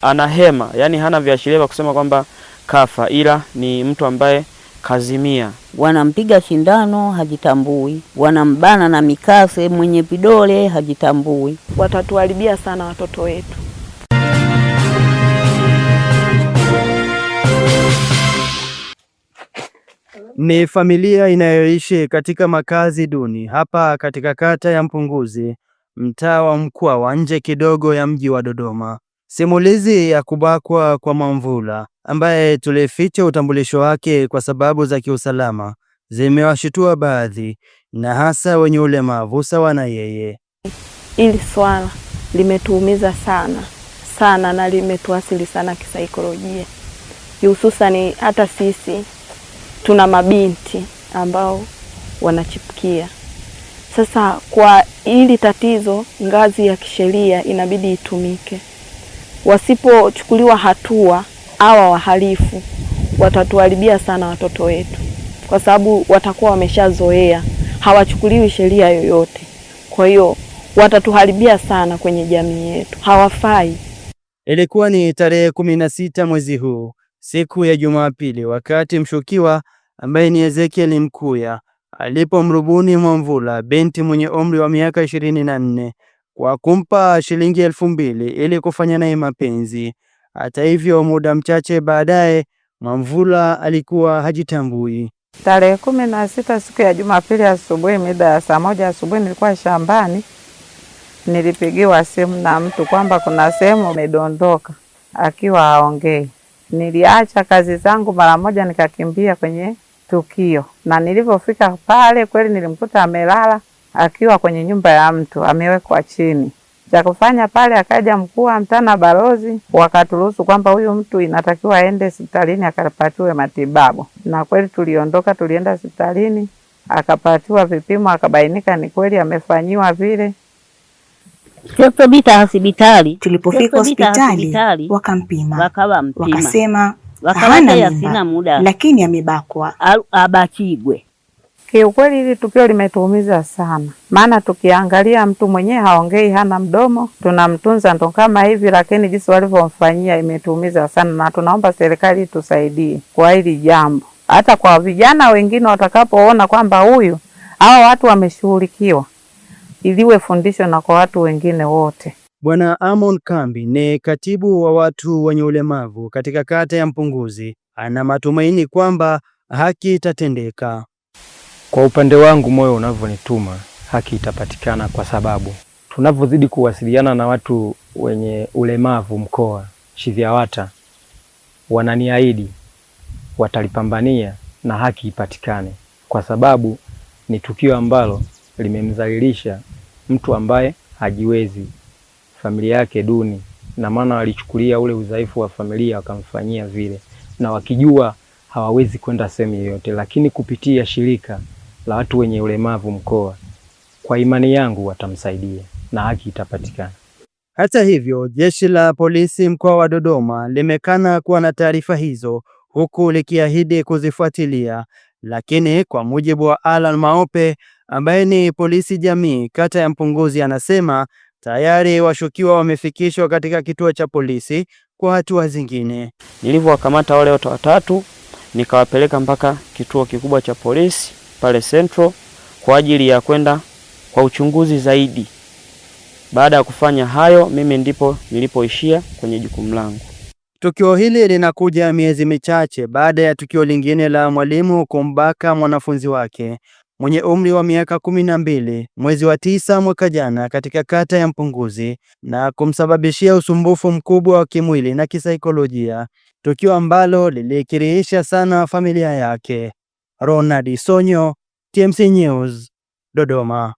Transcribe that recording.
ana hema, yani hana viashiria vya kusema kwamba kafa, ila ni mtu ambaye kazimia. Wanampiga sindano hajitambui, wanambana na mikase, mwenye vidole hajitambui. Watatuharibia sana watoto wetu. Ni familia inayoishi katika makazi duni hapa katika kata ya Mpunguzi, mtaa wa Mkwawa, nje kidogo ya mji wa Dodoma. Simulizi ya kubakwa kwa Mwamvula ambaye tulificha utambulisho wake kwa sababu za kiusalama zimewashitua baadhi na hasa wenye ulemavu sawa na yeye. Hili swala limetuumiza sana sana na limetuasili sana kisaikolojia, hususani hata sisi tuna mabinti ambao wanachipukia. Sasa kwa hili tatizo, ngazi ya kisheria inabidi itumike. Wasipochukuliwa hatua hawa wahalifu watatuharibia sana watoto wetu, kwa sababu watakuwa wameshazoea, hawachukuliwi sheria yoyote. Kwa hiyo watatuharibia sana kwenye jamii yetu, hawafai. Ilikuwa ni tarehe kumi na sita mwezi huu, siku ya Jumapili, wakati mshukiwa ambaye ni Ezekiel Mkuya alipomrubuni Mwamvula, binti mwenye umri wa miaka ishirini na nne kwa kumpa shilingi elfu mbili ili kufanya naye mapenzi. Hata hivyo, muda mchache baadaye Mwamvula alikuwa hajitambui. Tarehe kumi na sita siku ya Jumapili asubuhi mida ya saa moja asubuhi nilikuwa shambani, nilipigiwa simu na mtu kwamba kuna sehemu amedondoka akiwa aongei Niliacha kazi zangu mara moja nikakimbia kwenye tukio, na nilivyofika pale kweli nilimkuta amelala akiwa kwenye nyumba ya mtu amewekwa chini. Cha kufanya pale, akaja mkuu wa mtaa na balozi, wakaturuhusu kwamba huyu mtu inatakiwa aende hospitalini akapatiwe matibabu, na kweli tuliondoka, tulienda hospitalini akapatiwa vipimo, akabainika ni kweli amefanyiwa vile. Tulipofika hospitali wakampima, wakasema hana mimba, lakini amebakwa abakigwe Kiukweli hili tukio limetuumiza sana, maana tukiangalia mtu mwenyewe haongei, hana mdomo, tunamtunza ndo kama hivi, lakini jinsi walivyomfanyia imetuumiza sana, na tunaomba serikali tusaidie kwa hili jambo, hata kwa vijana wengine watakapoona kwamba huyu hao watu wameshughulikiwa, iliwe fundisho na kwa watu wengine wote. Bwana Amon Kambi ni katibu wa watu wenye ulemavu katika kata ya Mpunguzi, ana matumaini kwamba haki itatendeka. Kwa upande wangu, moyo unavyonituma, haki itapatikana, kwa sababu tunavyozidi kuwasiliana na watu wenye ulemavu mkoa CHIVIAWATA, wananiahidi watalipambania na haki ipatikane, kwa sababu ni tukio ambalo limemdhalilisha mtu ambaye hajiwezi, familia yake duni, na maana walichukulia ule udhaifu wa familia wakamfanyia vile, na wakijua hawawezi kwenda sehemu yoyote, lakini kupitia shirika la watu wenye ulemavu mkoa, kwa imani yangu watamsaidia na haki itapatikana. Hata hivyo, jeshi la polisi mkoa wa Dodoma limekana kuwa na taarifa hizo huku likiahidi kuzifuatilia, lakini kwa mujibu wa Alan Maope ambaye ni polisi jamii kata ya Mpunguzi, anasema tayari washukiwa wamefikishwa katika kituo cha polisi kwa hatua zingine. Nilivyowakamata wale watu watatu nikawapeleka mpaka kituo kikubwa cha polisi pale Central kwa ajili ya kwenda kwa uchunguzi zaidi. Baada ya kufanya hayo, mimi ndipo nilipoishia kwenye jukumu langu. Tukio hili linakuja miezi michache baada ya tukio lingine la mwalimu kumbaka mwanafunzi wake mwenye umri wa miaka kumi na mbili mwezi wa tisa mwaka jana katika kata ya Mpunguzi na kumsababishia usumbufu mkubwa wa kimwili na kisaikolojia, tukio ambalo lilikirihisha sana familia yake. Ronald Sonyo, TMC News, Dodoma.